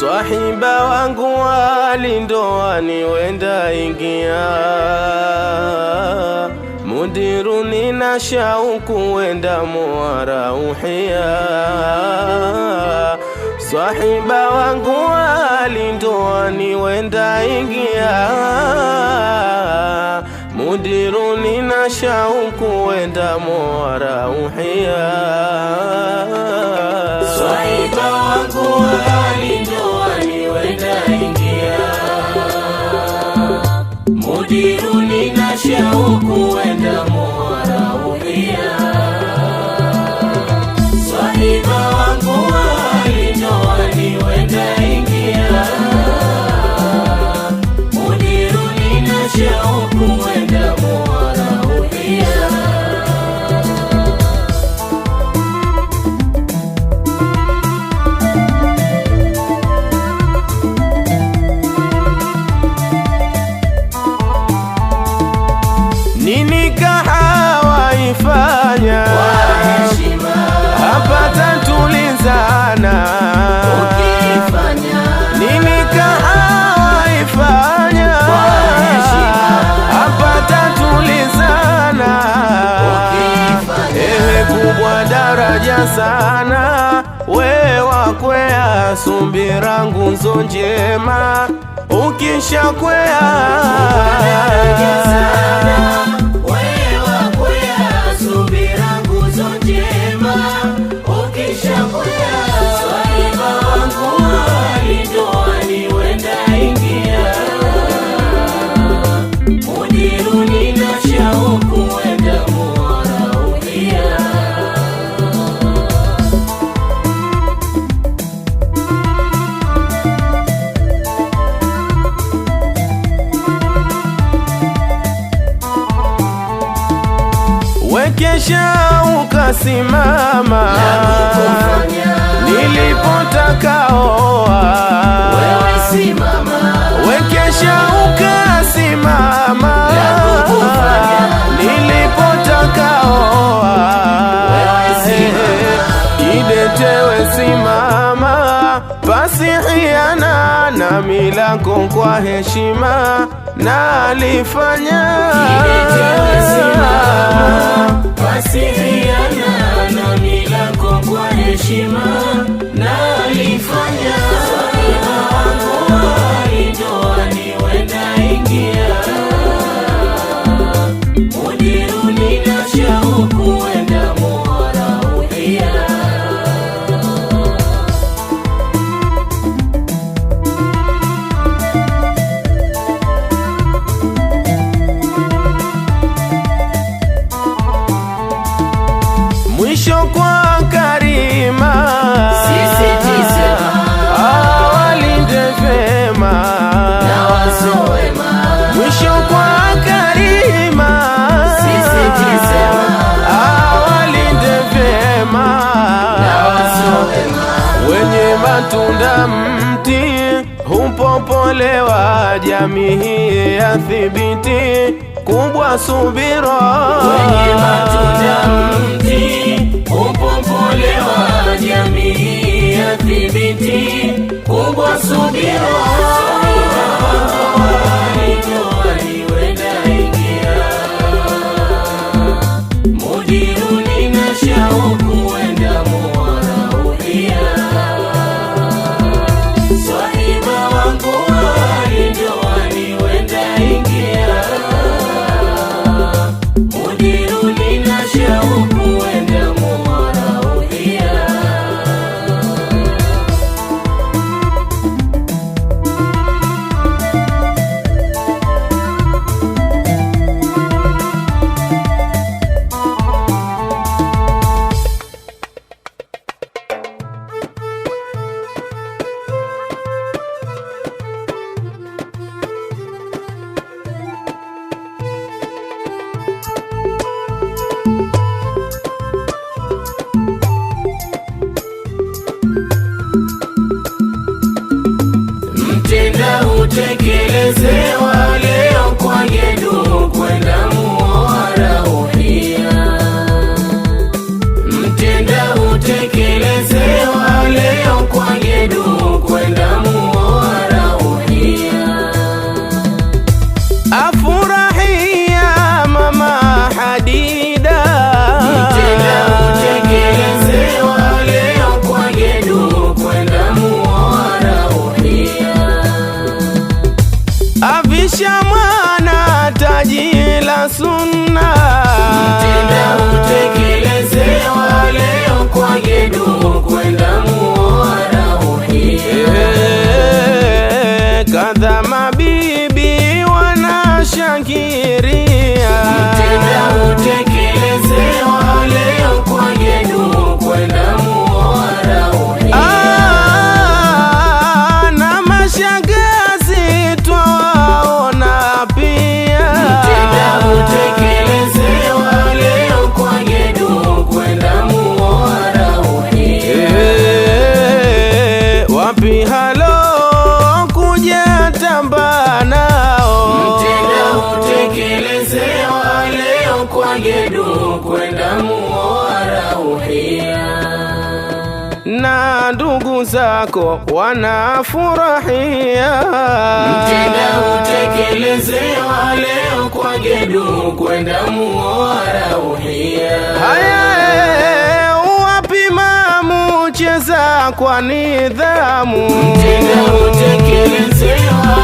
Swahiba wangu wali ndoani wenda ingia, mudiru nina shauku wenda muara uhia. Swahiba wangu wali ndoani wenda ingia, mudiru nina shauku wenda muara uhia sana we wakwea, subira nguzo njema ukishakwea kisha ukasimama, nilipotaka oa we kisha ukasimama, pasihiana na milango kwa heshima na alifanya wasiliana nami lako kwa heshima matunda mti hupopolewa, jamii ya thibiti kubwa subira, matunda mti jamii ya thibiti kubwa subira kuchekelezewa Cada pamba nao. Mtenda utekelezewa leo kwa Gedu kwenda Muhora Uhia, na ndugu zako wanafurahia. Mtenda utekelezewa leo kwa Gedu kwenda Muhora Uhia. Haya, uwapima eh, mucheza kwa nidhamu. Mtenda utekelezewa